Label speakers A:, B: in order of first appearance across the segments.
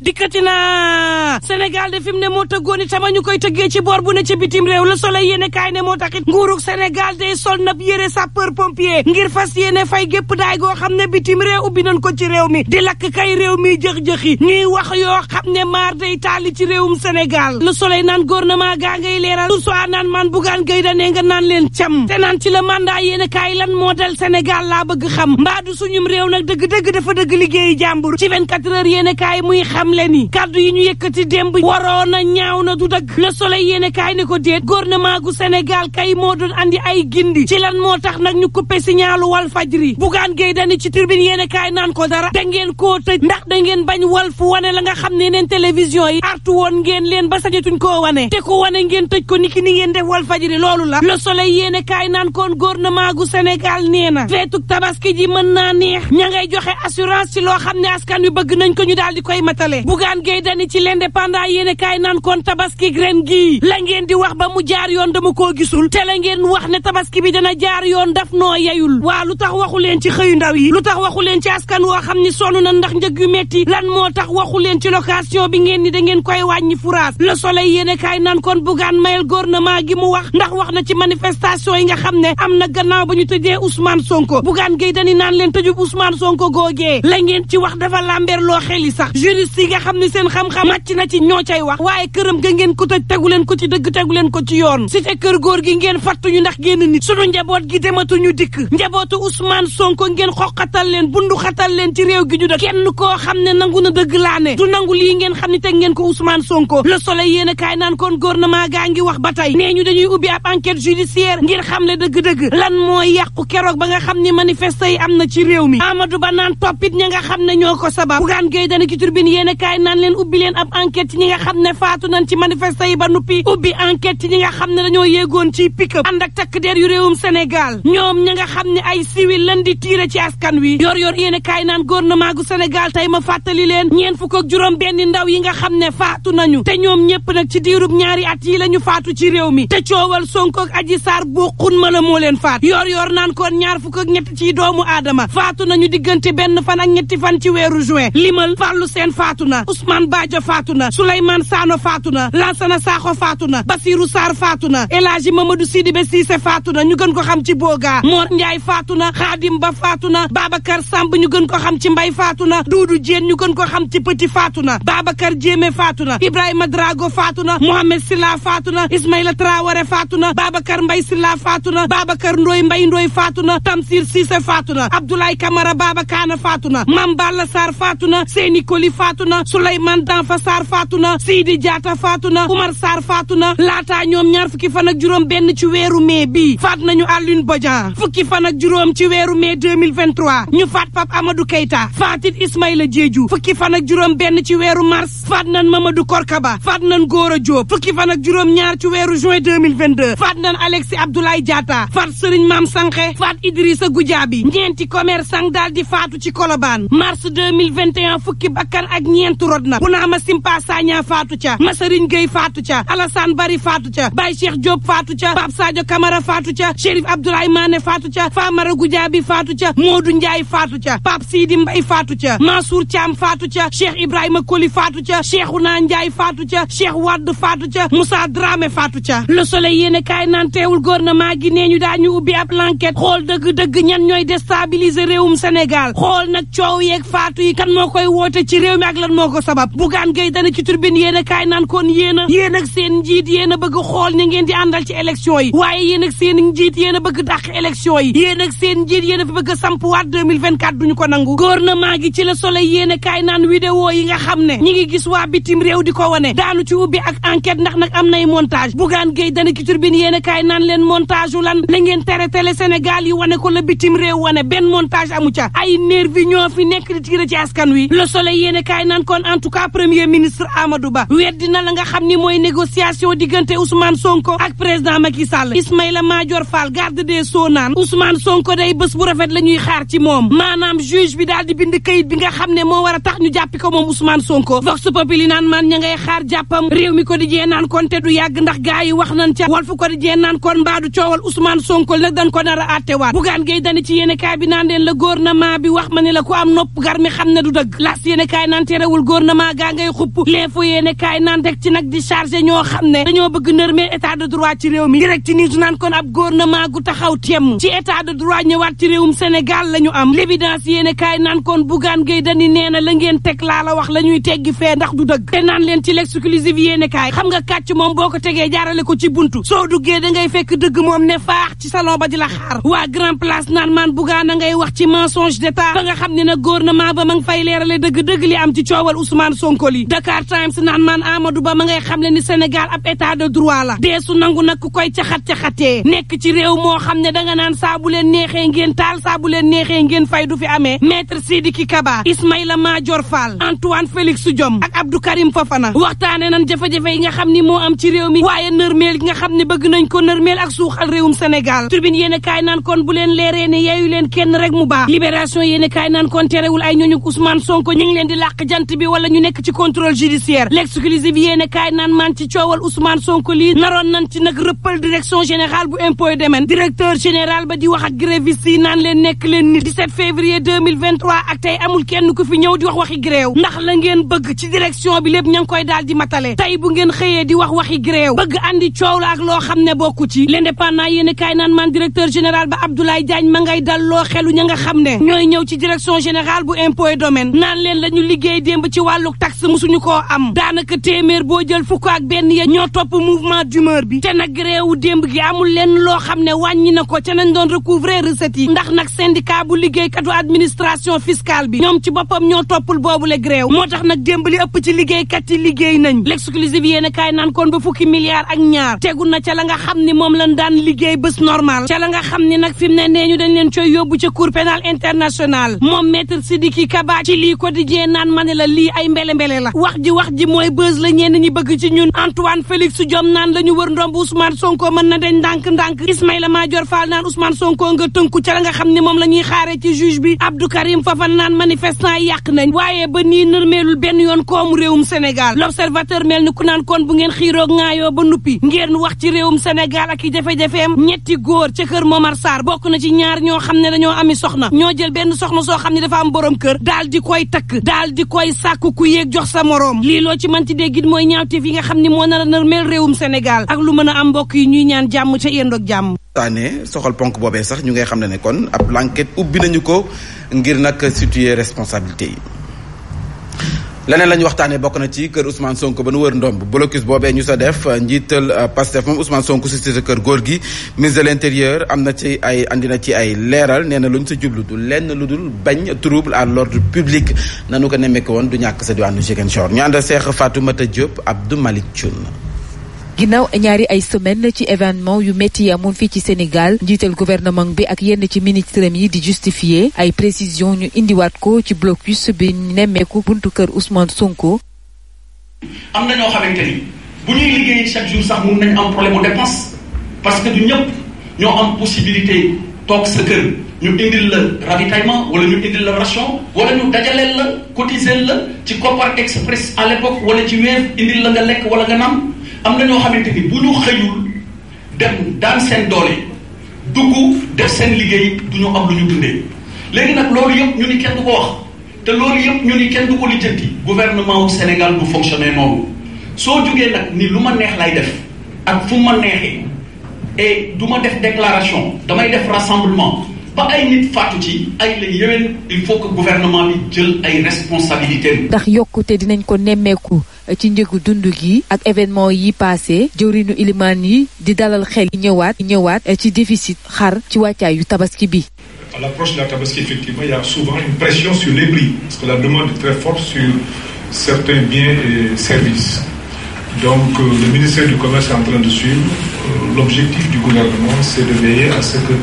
A: dikkati na Sénégal de fi mu ne moo tëggoon itama ñu koy tëggee ci boor bu ne ci bitim réew la Soleil yéene kaay ne moo taxit nguurug Sénégal de sol nab yére sapeur pompier ngir fas yéene fay gépp daay goo xam ne bitim réew ubbi nan ko ci réew mi di lakk kay réew mi jëx-jëxi ñuy wax yoo xam ne maar day taali ci réewum Sénégal la Soleil naan na gouvernement gaa ngay leeral sursoi naan man bugaan gay danee nga naan leen cam te naan ci la mandat yéene kaay lan moo dal laa bëgg xam mbaa du réew nag dëgg-dëgg dafa dëgg liggéeyu jàmbur ci 24 heures yéene kaay muy xamle ni kàddu yi ñu yëkkati démb waroon na ñaaw na du dëgg le soleil yéene ne ko déet gouvernement gu Sénégal kay moo doon andi ay gindi ci lan moo tax nag ñu coupé signalu wal fajri bugaan géey dani ci tribune yéene naan ko dara da ngeen koo tëj ndax da ngeen la nga xam ne neen télévision yi artu woon ngeen leen ba sañatuñ koo wane te ko wane ngeen tëj ko niki ni ngeen def wal la le soleil yéene kaay naan koon gouvernement gu Sénégal nee na feetuk tabaski ji mën naa neex ña ngay joxe assurance ci loo xam ne askan wi bëgg nañ ko ñu daal di koy matale boole bugaan géey dani ci l'indépendant yéen kaay naan kon tabaski ren gii la di wax ba mu jaar yoon dama koo gisul te la ngeen wax ne tabaski bi dana jaar yoon daf noo yayul waa lu tax waxu leen ci xëyu ndaw yi lu tax waxu leen ci askan woo xam ni sonn na ndax njëg yu metti lan moo tax waxu leen ci location bi ngeen ni da ngeen koy wàññi furaas le soleil yéen kaay naan kon bugaan mayel gouvernement gi mu wax ndax wax na ci manifestation yi nga xam ne am na gannaaw ba ñu tëjee Ousmane Sonko bugaan géey dani naan leen tëjub Ousmane Sonko googee la ngeen ci wax dafa lamber ñi nga xam seen xam-xam màcc na ci ñoo cay wax waaye këram ga ngeen ko tëj tegu leen ko ci dëgg tegu leen ko ci yoon si te kër góor gi ngeen ñu ndax génn ni suñu njaboot gi dematuñu dikk njabootu Ousmane Sonko ngeen xoqatal leen bundu xatal leen ci réew gi ñu dëkk kenn koo xam ne nangu na dëgg laa ne du nangu lii ngeen xam ne teg ngeen ko Ousmane Sonko Le Soleil yéen a kaay naan kon gouvernement gaa ngi wax ba tey nee ñu dañuy ubbi ab enquête judiciaire ngir xam le dëgg-dëgg lan mooy yàqu keroog ba nga xam ne manifeste am na ci réew mi Amadou Ba naan toppit ña nga xam ñoo ko sabab Bougane Gueye dana kaay naan leen ubbi leen ab enquête ci ñi nga xam ne faatu nañ ci manifesté yi ba nuppi ubbi enquête ci ñi nga xam ne dañoo yéegoon ci pick-up ànd ak takk der yu réewum Sénégal ñoom ña nga xam ne ay civil lan di tiire ci askan wi yor yor yéen kaay naan na gu Sénégal tey ma fàttali leen ñeen fukk ak juróom benni ndaw yi nga xam ne faatu nañu te ñoom ñëpp nag ci diirub ñaari at yi la ñu faatu ci réew mi te coowal Sonko ak Adji Sarr bu xun ma la moo leen faat yor yor naan kon ñaar fukk ak ci doomu aadama faatu nañu diggante benn fan ñetti fan ci weeru juin limal fàllu seen faatu na Ousmane Badja faatu na Souleymane Sano faatu na Lansana Sakho faatu na Basirou Sarr faatu na El Hadji Mamadou Sidibé Cissé faatu na ñu gën ko xam ci Boga Mor Ndiaye faatu na Khadim Ba faatu na Babacar Samb ñu gën ko xam ci Mbay faatu na Doudou Diène ñu gën ko xam ci Petit faatu na Babacar Diémé faatu na Ibrahima Drago faatu na Mohamed Silla faatu na Ismaïla Traoré faatu na Babacar Mbay Silla faatu na Babacar Ndoy Mbay Ndoy faatu na Tamsir Cissé faatu na Abdoulaye faatu na Mame Balla Sarr faatu na na na Souleymane Danfa Sarr faatu na Seydi jaata faatu na Oumar Sarr faatu na laataa ñoom ñaar fukki fan ak juróom benn ci weeru mai bi faat nañu Alioune Bodian fukki fan ak juróom ci weeru mai 2023 ñu faat Pape Amadou Keita faatit Ismaïla Diédhiou fukki fan ak juróom benn ci weeru mars faat nañ Mamadou Korkaba faat nañ Gora Diop fukki fan ak juróom ñaar ci weeru juin 2022 faat nañ Alexis Abdoulaye Diatta faat Serigne Mame Sankhé faat Idrissa Goudiaby ñeenti commerçant daal di faatu ci Colobane mars 2021 fukki bakkan ak ñeent rod na bu na ama simpa sagna faatu ca Masariñ Gueye faatu ca Alassane Bari faatu ca Baye Cheikh Diop faatu ca Pape Sadio Camara faatu ca Chérif Abdoulaye Mané faatu ca Famara Goudiaby faatu ca Modou Ndiaye faatu ca Pape Sidi Mbaye faatu ca Mansour caam faatu ca Cheikh Ibrahima Koli faatu ca Cheikhouna Ndiaye faatu ca Cheikh Wade faatu ca Moussa Dramé faatu ca Le Soleil yéene kaay naan teewul gouvernement gi nee ñu daañu ubbi ab enquête xool dëgg-dëgg ñan ñooy déstabiliser réewum Sénégal xool nag coow yeeg faatu lan moo ko sabab bugaan gay dana ci turbine yéen a kaay naan kon yéen a seen njiit yéen bëgg xool ñi ngeen di àndal ci élection yi waaye yéen ak seen njiit yéen a bëgg dàq élection yi yéen ak seen njiit yéen a fi bëgg a sampuwaat 2024 duñu ko nangu gouvernement gi ci la soleil yéen a kaay naan vidéo yi nga xam ne ñi ngi gis waa bitim réew di ko wane daanu ci ubbi ak enquête ndax nag am nay montage bugaan gay dana ci turbine yéen a kaay naan leen montage u lan la ngeen tere télé Sénégal yi wane ko la bitim réew wane benn montage amu ca ay nervi ñoo fi nekk di tiira wi le soleil yéen kaay naan naan kon en tout cas premier ministre amadu Ba weddi na la nga xam ni mooy négociation diggante Ousmane Sonko ak président Macky Sall Ismaïla Madior Fall garde de Sceaux naan Ousmane Sonko day bés bu rafet la ñuy xaar ci moom maanaam juge bi daal di bind kayit bi nga xam ne moo war tax ñu jàppi ko moom Ousmane Sonko Vox Populi naan man ña ngay xaar jàppam réew mi ko di jee naan kon te du yàgg ndax gaa yi wax nan ca Walf ko di jee naan kon mbaadu coowal Ousmane Sonko nag ko nar a àttewaat bugaan gay ci yéene kaay bi naan leen la gouvernement wax ma ne la ko am nopp gar mi xam du dëgg terewul gouvernement gaa ngay xupp l'info yéene kaay naan rek ci nag di chargé ñoo xam ne dañoo bëgg nërmee état de droit ci réew mi direct ni naan kon ab gouvernement gu taxaw temm ci état de droit ñëwaat ci réewum Sénégal la ñu am l'évidence yéene naan kon Bougane Gueye Dany nee la ngeen teg laa la wax la ñuy fee ndax du dëgg te naan leen ci l'exclusive yéene kaay xam nga kàcc moom boo ko tegee jaarale ko ci buntu soo duggee da ngay fekk dëgg moom ne faax a coowal Ousmane Sonko li Dakar Times naan maan Amadou Ba ma ngay xamle ni Sénégal ab état de droit la deesu nangu nag ku koy caxat-caxatee nekk ci réew moo xam ne danga naan saabu leen neexee ngeen taal saa leen neexee ngeen fay du fi amee maître Sidiki Kaba Ismaïla Madior Fall Antoine Félix Diome ak Abdou Karim Fofana waxtaane nan jafe-jafe yi nga xam ni moo am ci réew mi waaye nërmeel yi nga xam ne bëgg nañ ko nërmeel ak suuxal réewum Sénégal tribune yéen kaay naan kon bu leen leeree ne yeeyu leen kenn rek mu baax libération yéen kaay naan kon terewul ay ñooñu Ousmane Sonko ñu ngi leen di làq jant enquête bi wala ñu nekk ci contrôle judiciaire l'exclusive yéen a kaay naan maan ci coowal Ousmane Sonko lii naroon nañ ci nag rëppal direction général di wax ak grévistes yi bi lépp ña ngi koy daal di matale tey bu ngeen xëyee di wax waxi gréew bëgg andi coow la général ba Abdoulaye Diagne ma ngay xelu ña nga ñooy ñëw ci direction générale bu impôt domaine naan leen lañu liggéey démb ci wàllu taxe musuñu koo am daanaka téeméer boo jël fukk ak benn ya ñoo topp mouvement d'humeur bi te nag réewu démb gi amul lenn loo xam ne wàññi na ko ca nañ doon recouvrer recettes yi ndax nag syndicat bu liggéeykatu administration fiscale bi ñoom ci boppam ñoo toppul boobu le gréew moo tax nag démb li ëpp liggéey liggéeykat yi liggéey nañ l'exclusive yéen kaay nan kon ba fukki milliards ak ñaar tegu na ca la nga xam ni moom lan daan liggéey bés normal ca la nga xam ni nag fi mu ne nee ñu dañ leen cooy yóbbu ca cour pénal international la lii ay mbele mbele la wax ji wax ji mooy bës la ñenn ñi bëgg ci ñun Antoine Félix Diome naan wër ñu wër ndomb Ousmane Sonko mën na dañ ndànk-ndànk Ismaïla Madior Fall naan Ousmane Sonko nga tënku ca la nga xam ne moom la ñuy xaaree ci juge bi Abdou Karim Fofana naan manifestant yàq nañ waaye ba nii nërmeelul benn yoon ko koomu réewum Sénégal l'observateur mel ni ku naan kon bu ngeen xiiroog ŋaayoo ba nuppi ngeen wax ci réewum Sénégal ak i jafe-jafeem ñetti góor ca kër Momar Sarr bokk na ci ñaar ñoo xam ne dañoo ami soxna ñoo jël benn soxna soo xam ne dafa am borom kër daal di koy takk daal ngay sàkku ku yéeg jox sa moroom lii loo ci mënti déggit mooy ñaawteef yi nga xam ni moo na a na mel réewum Sénégal ak lu mën a am mbokk yi ñuy ñaan jàmm ca yendoog jàmm
B: taane soxal ponk boobee sax ñu ngay xam ne ne kon ab l'enquête ubbi nañu ko ngir nag situer responsabilité yi leneen la ñu waxtaanee bokk na ci kër Ousmane Sonko ba nu wër ndomb blocus boobee ñu sa def njiital euh, Pastef moom Ousmane Sonko si sa kër góor gi ministre de l'intérieur am na ci ay andi na ci ay leeral nee na lu ñu sa jublu du lenn lu dul bañ trouble à l'ordre public nanu ko nemmeeku woon du ñàkk sa diwaanu Ziguinchor ñu ànd a seex Fatoumata Diop Abdou Malick Thioune
C: ginnaaw ñaari ay semaine ci événement yu métti yi amoon fii ci Sénégal njiital gouvernement bi ak yenn ci ministre yi di justifier ay précision ñu indiwaat ko ci blocus bi nemmeeku buntu kër Ousmane Sonko.
D: am na ñoo xamante ni bu ñuy liggéey chaque jour sax mun nañ am problème mu dépense parce que du ñëpp ñoo am possibilité toog sa kër ñu indil la ravitaillement wala ñu indil la ration wala ñu dajaleel la cotiser la ci Kopar Express à l'époque am na ñoo xamante ni bu ñu xëyul dem daan seen doole dugg def seen liggéey du ñu am lu ñu dundee léegi nag loolu yëpp ñu ni kenn du ko wax te loolu yëpp ñu ni kenn du ko lijjanti gouvernement wu Sénégal du fonctionner noonu soo jógee nag ni lu ma neex lay def ak fu ma neexee et du ma def déclaration damay def rassemblement ba ay nit faatu ci ay la
E: yéwén il faut que gouvernement bi jël ay responsabilités
D: ndax
C: yokkute dinañ ko nemmeeku ci njëgu dund gi ak événement yi passé jëwriñu ilimaan yi di dalal xel yi ñëwaat ci déficit xar ci yu tabaski bi
E: à l'approche de la tabaski effectivement il y a souvent une pression sur les prix parce que la demande est très forte sur certains biens et services donc euh, le ministère du commerce est en train de suivre euh, l'objectif du gouvernement c'est de veiller à ce que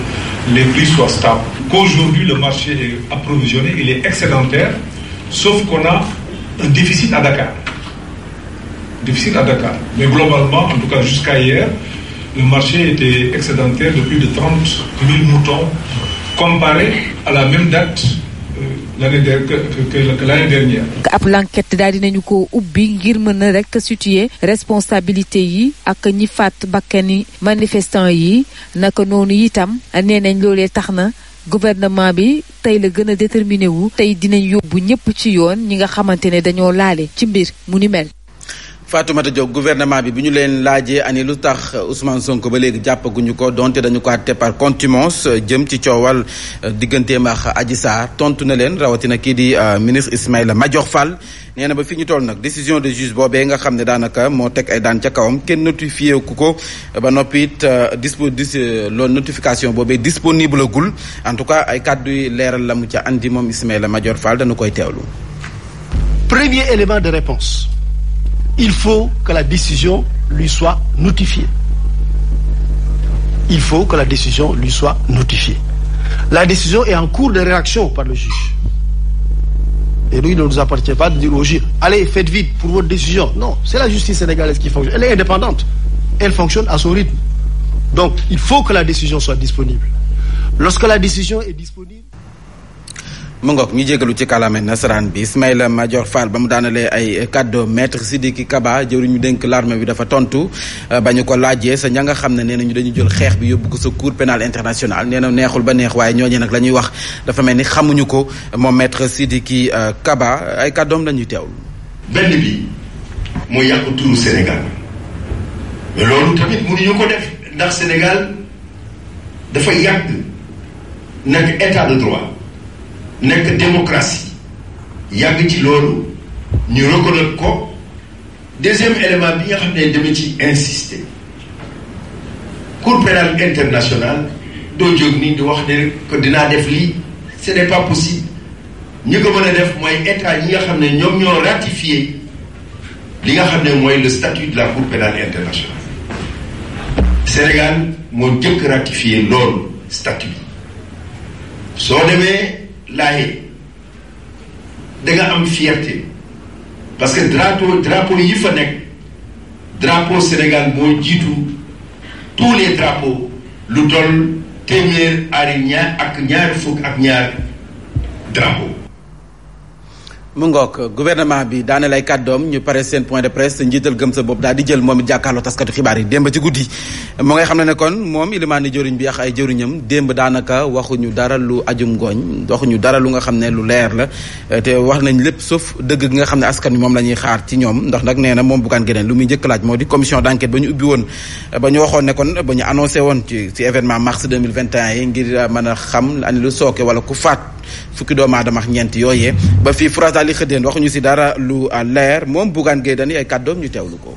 E: les prix soient stables qu'aujourd'hui le marché est approvisionné il est difficile à Dakar. Mais globalement, en tout cas jusqu'à hier, le marché était excédentaire de de 30 000 moutons comparé à la même date euh, l'année que l'année dernière.
C: ab l'enquête daal dinañu ko ubbi ngir mën na rek situer responsabilité yi ak ñi faat bakkani manifestant yi naka noonu itam nee nañ loolee tax na gouvernement bi tey la gën a déterminé wu tey dinañ yóbbu ñëpp ci yoon ñi nga xamante ne dañoo laale ci mbir mu ni mel.
B: Fatoumata Diop gouvernement bi bi ñu leen laajee ani lu tax Ousmane Sonko ba léegi jàppaguñu ko donte dañu ko àtte par contumace euh, jëm ci coowal euh, digganteem ak Adji Sarr tontu na leen rawatina kii di euh, ministre Ismaïla Madior Fall nee na ba fi ñu tool nag décision de juge boobee nga xam ne daanaka moo teg ay daan ca kawam kenn notifié ku ko ba noppi it dispo loolu notification boobee disponible agul en tout cas ay kàddu leeral la mu ca andi moom Ismaïla Madior Fall dana koy teewlu.
D: premier élément il faut que la décision lui soit notifiée. Il faut que la décision lui soit notifiée. La décision est en cours de réaction par le juge. Et nous, il ne nous appartient pas de dire au juge, allez, faites vite pour votre décision. Non, c'est la justice sénégalaise qui fonctionne. Elle est indépendante. Elle fonctionne à son rythme. Donc, il faut que la décision soit disponible. Lorsque la décision est disponible...
B: mu ngoog ñu jégalu ci kàllaama nasaraan bi Ismaïla Madior Fall ba mu daanalee ay kàddo maître Sidiki Kaba jëwri ñu dénk l'armée bi dafa tontu euh, ba ñu ko laajee sa ña nga xam ne nee nañu dañu jël xeex bi yóbbu ko sa cour pénal international nee na neexul ba neex waaye ñooñu nag la wax dafa mel ni xamuñu ko moom maître Sidiki euh, Kaba ay kàddoom la ñuy teewlu. benn bi
D: mooy yàqu turu Sénégal loolu tamit mënuñu ko def ndax Sénégal dafa yàgg nag état de nekk démocratie yàgg ci loolu ñu reconnaître ko deuxième élément bi nga xam ne dama ci insister cour pénale internationale doo jóg nii di wax ne que dinaa def lii ce n'est pas possible ñi ko mën a def mooy état yi nga xam ne ñoom ñoo ratifié li nga xam ne mooy le statut de la cour pénale internationale Sénégal moo jëkk ratifié loolu statut soo demee laaye danga nga am fierté parce que drapeau drapeau yi fa nekk drapo Sénégal moo jiitu tous les drapeaux lu toll téeméer ari ñaar ak ñaar fukk ak ñaar
B: drapeau mu ngoog gouvernement bi daane lay kàddoom ñu pare seen point de presse njiital gëm sa bopp daal di jël moom it jàkkaarloo taskatu xibaar yi démb ci guddi mu ngay xam ne ne moom ilimaani jëriñ bi ay jëriñam démb daanaka waxuñu dara lu ajum ngooñ waxuñu dara lu nga xam ne lu leer la te wax nañ lépp sauf dëgg gi nga xam ne askan wi moom la ñuy xaar ci ñoom ndax nag nee na moom bugaan geneen lu muy njëkk laaj moo di commission d'enquête ba ñu ubbi woon ba ñu waxoon ne kon ba ñu annoncé woon ci ci événement mars 2021 a xam ani wala ku faat fukki doomu aadama ak ñeent yooyee li xëddeen waxuñu si dara lu leer moom Bougane Gueye Dany ay kàddoom ñu teewlu ko.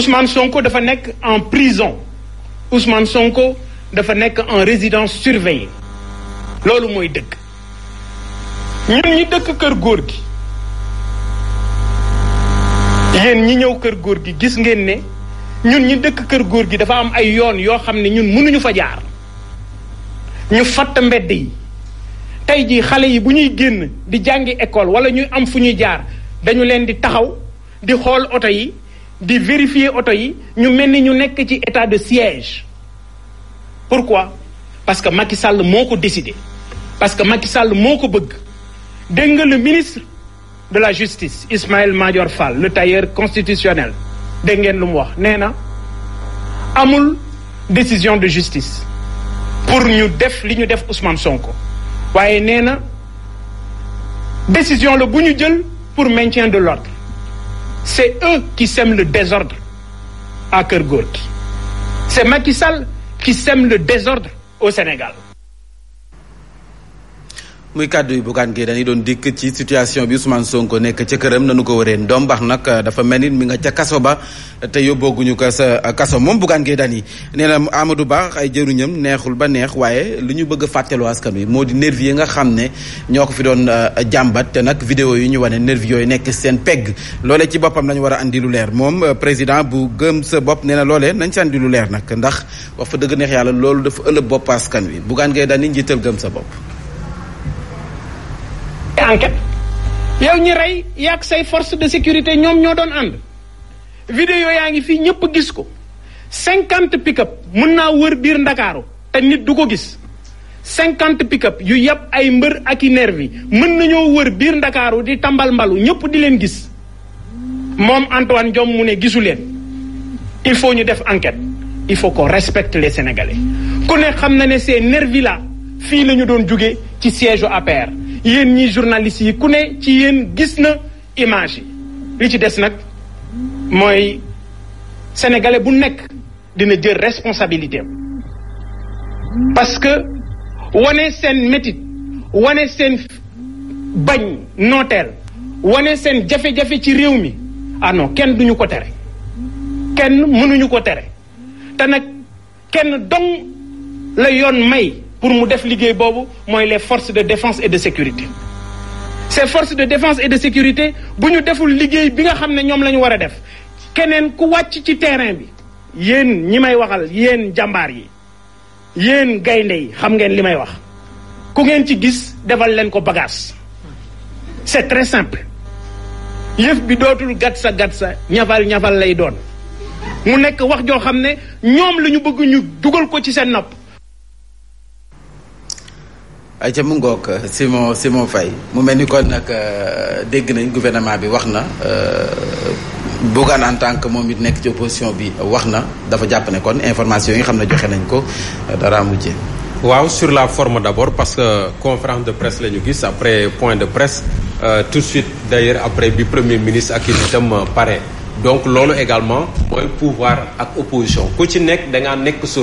D: Ousmane Sonko dafa nekk en prison Ousmane Sonko dafa nekk en résidence surveillée loolu mooy dëkk ñun ñi dëkk kër góor gi yéen ñi ñëw kër góor gi gis ngeen ne ñun ñi dëkk kër góor gi dafa am ay yoon yoo xam ne ñun mënuñu fa jaar ñu fatt mbedd yi. tey jii xale yi bu ñuy génn di jàngi école wala ñuy am fu ñuy jaar dañu leen di taxaw di xool oto yi di vérifier oto yi ñu mel ni ñu nekk ci état de siège pourquoi parce que Macky Sall moo ko décidé parce que Macky sàll moo ko bëgg dégg nga le ministre de la justice Ismaël Madior Fall le tailleur constitutionnel dégg ngeen lu mu wax nee na amul décision de justice pour ñu def li ñu def Ousmane Sonko. waaye nee na décision la bu ñu jël pour maintien de l'ordre c'est eux qui sèment le désordre à Kër Gorgui c'est Macky Sall qui sème le désordre au Sénégal
B: muy kàddu yu Bougane Gueye dañuy doon dikk ci situation bi Ousmane Sonko nekk ca këram nanu ko wëree ndoom bax nag dafa mel ni mi nga ca kaso ba te yóbbooguñu ko sa kaso moom Bougane Gueye dañuy nee na Amadou Ba ay jëruñam neexul ba neex waaye lu ñu bëgg a fàttaloo askan moo di nervi yi nga xam ne ñoo ko fi doon euh, jàmbat te nag vidéo yi ñu wane nervi yooyu nekk seen pegg loole ci boppam lañu war a andi lu leer moom euh, président bu gëm sa bopp nee na loolee nañ seen di lu leer nag ndax wax fa dëgg neex yàlla loolu dafa ëllëg bopp askan wi Bougane Gueye dañuy njiital gëm sa bopp
D: enquête yow ñi rey yàgg say force de sécurité ñoom ñoo doon ànd vidéo yaa ngi fii ñëpp gis ko cinquante pick mën naa wër biir ndakaaru te nit du ko gis cinquante pick yu yàpp ay mbër ak i nervi mën nañoo wër biir ndakaaru di tambal mbalu ñëpp di leen gis moom Antoine jom mu ne gisu leen il faut ñu def enquête il faut qu'on respecte le Sénégalais ku ne xam na ne ces nervi là fii la ñu doon jóge ci siège APR yéen ñi journalistes yi ku ne ci yéen gis na image yi li ci des nag mooy sénégalais bu nekk dina jël responsabilité parce que wane seen métit wane seen bañ nooteel wane seen jafe-jafe ci réew mi ah kenn duñu ko tere kenn mënuñu ko tere te nag kenn dong la yoon may pour mu def liggéey boobu mooy les forces de défense et de sécurité ces force de défence et de sécurité bu ñu deful liggéey bi nga xam ne ñoom la ñu war def keneen ku wàcc ci terrain bi yéen ñi may waxal yéen jàmbaar yi yéen gaynde yi xam ngeen li may wax ku ngeen ci gis defal leen ko bagage c'est très simple yëf bi dootul gat sa gat sa ñafal ñafal lay doon mu nekk wax joo xam ne ñoom la ñu bëgg ñu dugal ko ci seen nopp
B: ayca mu ngoog euh, Simon Simon Faye mu mel ni kon nag euh, dégg nañ gouvernement bi wax na euh, Bougane en tant que moom it nekk ci opposition bi wax na dafa jàpp ne kon
E: information yi nga xam ne joxe nañ ko dara mujje waaw sur la forme d'abord parce que conférence de presse la ñu gis après point de presse euh, tout de suite d'ailleurs après bi premier ministre ak itam pare donc loolu également mooy pouvoir ak opposition ku ci nekk da nekk sa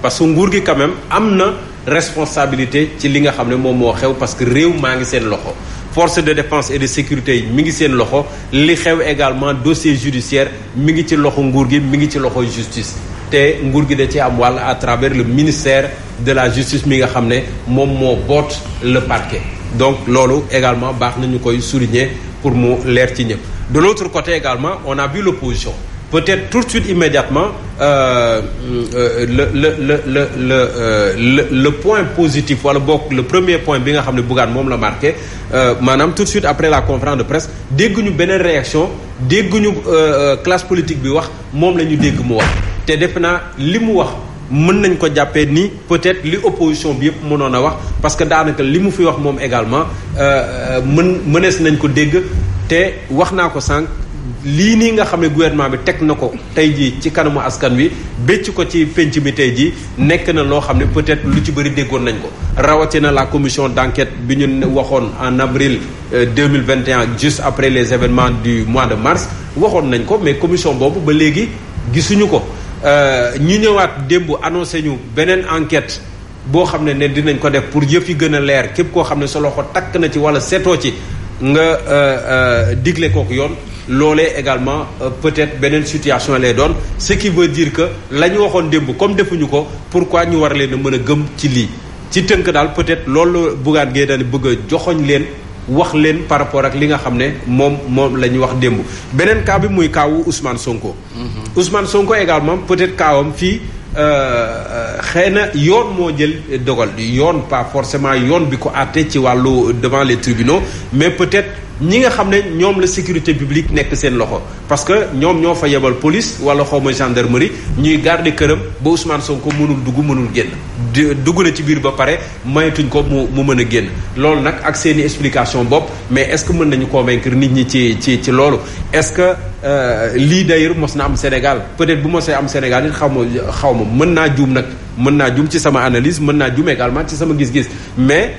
E: parce que nguur gi quand am na responsabilité ci li nga xam ne moom moo xew parce que réew maa ngi seen loxo force de défense et de sécurité yi mi ngi seen loxo li xew également dossier judiciaire mi ngi ci loxo nguur gi mi ngi ci loxo justice te nguur gi da ci am wàll à travers le ministère de la justice mi nga xam ne moom moo boot le parquet donc loolu également baax nañu koy souligner pour mu leer ci ñëpp de l'autre côté également on a vu l'opposition peut-être tout de suite immédiatement euh, euh, le le le euh, le le point positif wala bokk le premier point bi nga xam ne Bougane moom la marqué euh, maanaam tout de suite après la conférence de presse dégguñu beneen réaction dégguñu euh, classe politique bi wax moom la ñu dégg mu wax te def naa li mu wax mën nañ ko jàppee nii peut-être li opposition bi yëpp mënoon a wax parce que daanaka li mu fi wax moom également mën mënees nañ ko dégg te wax naa ko sànq lii nii nga xam ne gouvernement bi teg na ko tey jii ci kanamu askan wi bécc ko ci penc mi tey jii nekk na loo xam ne peut-être lu ci bëri déggoon nañ ko rawatina la commission d'enquête bi ñu waxoon en avril 2021 euh, juste après les événements du mois de mars waxoon nañ ko mais commission boobu ba léegi gisuñu ko euh, ñu ñëwaat démb annoncé ñu beneen enquête boo xam ne ne dinañ ko def pour yëpp yi gën a leer képp koo xam ne sa loxo takk na ci wala setoo ci nga euh, digle kooku yoon loolee également euh, peut-être beneen situation lay doon ce qui veut dire que la ñu waxoon démb comme defuñu ko pourquoi ñu war leen mën a gëm ci lii ci tënk daal peut-être loolu Bougane Gueye Dany bëgg a joxoñ leen wax leen par rapport ak li nga xam ne moom moom la ñu wax démb beneen cas bi muy kaawu Ousmane Sonko mhm. Ousmane Sonko également peut-être kaawam fii euh, euh, xëy na yoon moo jël dogal yoon pas forcément yoon bi ko àtte ci wàllu devant les tribunaux mais peut-être ñi nga xam ne ñoom la sécurité publique nekk seen loxo parce que ñoom ñoo fa yebal police wala xawma gendarmerie ñuy garder këram ba Ousmane ko mënul dugg mënul génn dugg na ci biir ba pare mayetuñ ko mu mu mën a génn loolu nag ak seen i explication bopp mais est-ce que mën nañu ko convaincre nit ñi ci ci ci loolu est-ce que euh, lii d'ailleurs mos na am Sénégal peut-être bu mosee am Sénégal it xaw ma xaw ma mën naa juum nag mën naa juum ci sama analyse mën naa juum également ci sama gis-gis mais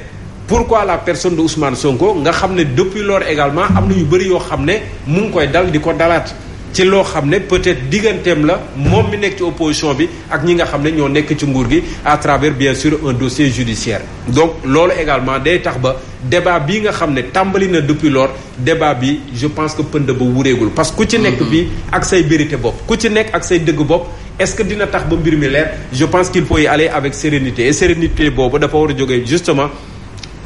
E: pourquoi la personne de Ousmane Sonko nga xam ne depuis lors également am na yu bëri yoo xam ne mu ngi koy dal di ko dalaat ci loo xam ne peut-être digganteem la moom mi nekk ci opposition bi ak ñi nga xam ne ñoo nekk ci nguur gi à travers bien sûr un dossier judiciaire donc loolu également day tax ba débat bi nga xam ne tàmbali na depuis lors débat bi je pense que pënd ba wuréegul parce que ku ci nekk fii mm-hmm. ak say vérité bopp ku ci nekk ak say dëgg bopp est-ce que dina tax ba mbir mi je pense qu'il faut y aller avec sérénité et sérénité boobu dafa war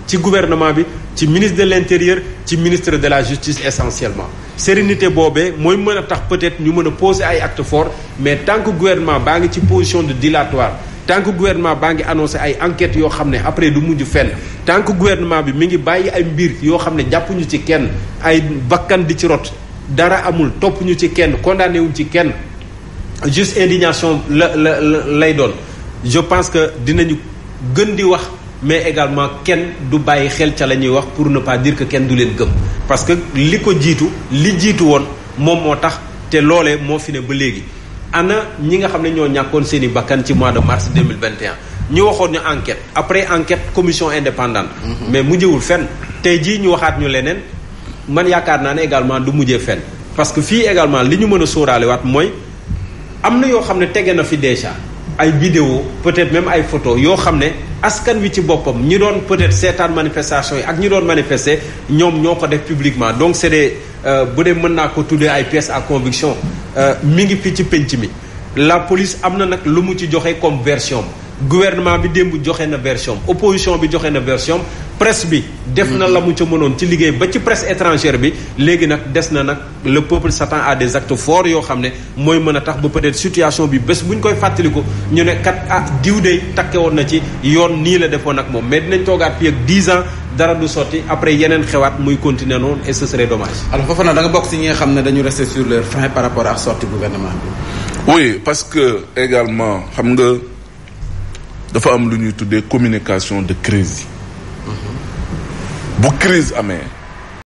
E: ci gouvernement bi ci ministre de l'intérieur ci ministre de la justice essentiellement sérénité boobee mooy mën a tax peut-être ñu mën a poser ay actes forts mais tant que gouvernement baa ngi ci position de dilatoire tant que gouvernement baa ngi annoncé ay enquête yoo xam ne après du mujj fenn tànk gouvernement bi mi ngi bàyyi ay mbir yoo xam ne jàppuñu ci kenn ay bakkan di ci rot dara amul topp ci kenn condamné wuñ ci kenn juste indignation la la lay doon je pense que dinañu gën di wax mais également kenn du bàyyi xel ca la ñuy wax pour ne pas dire que kenn du leen gëm parce que li ko jiitu li jiitu woon moom moo tax te loole moo fi ne ba léegi na ñi nga xam ne ñoo ñàkkoon seen i bakkan ci mois de mars 2021 ñu waxoon ñu enquête après enquête commission indépendant mhm. mais mujjewul fen tey jii ñu waxaat ñu leneen man yaakaar naa ne également du mujjee fen parce que fii également li ñu mën a sóoraale waat mooy am na yoo xam ne tege na fi déjà ay vidéo peut-être même ay photo yoo xam ne askan wi ci boppam ñi doon peut-être seetaan manifestation yi ak ñi doon manifester ñoom ñoo ko def publiquement donc c'est des euh, bu dee mën naa ko tuddee ay pièces à conviction euh, mi ngi fii ci penc mi la police am na nag lu mu ci joxe comme version gouvernement bi démb joxe na version opposition bi joxe na version presse bi def na la mu ca mënoon ci liggéey ba ci presse étrangère bi léegi nag des na nag le peuple s'attend à des actes forts yoo xam ne mooy mën a tax ba peut situation bi bés bu ñu koy fàttaliku ñu ne kat ah diw de takke woon na ci yoon nii la defoon ak moom mais dinañ toogaat fii ak 10 ans dara du sotti après yeneen xewaat muy continuer noonu et ce serait dommage. alors foofu nag da nga bokk si ñi xam ne dañu rester sur leur frein par rapport ak sortie gouvernement
B: parce que également
D: xam nga dafa am lu ñuy tuddee communication de crise bu crise amee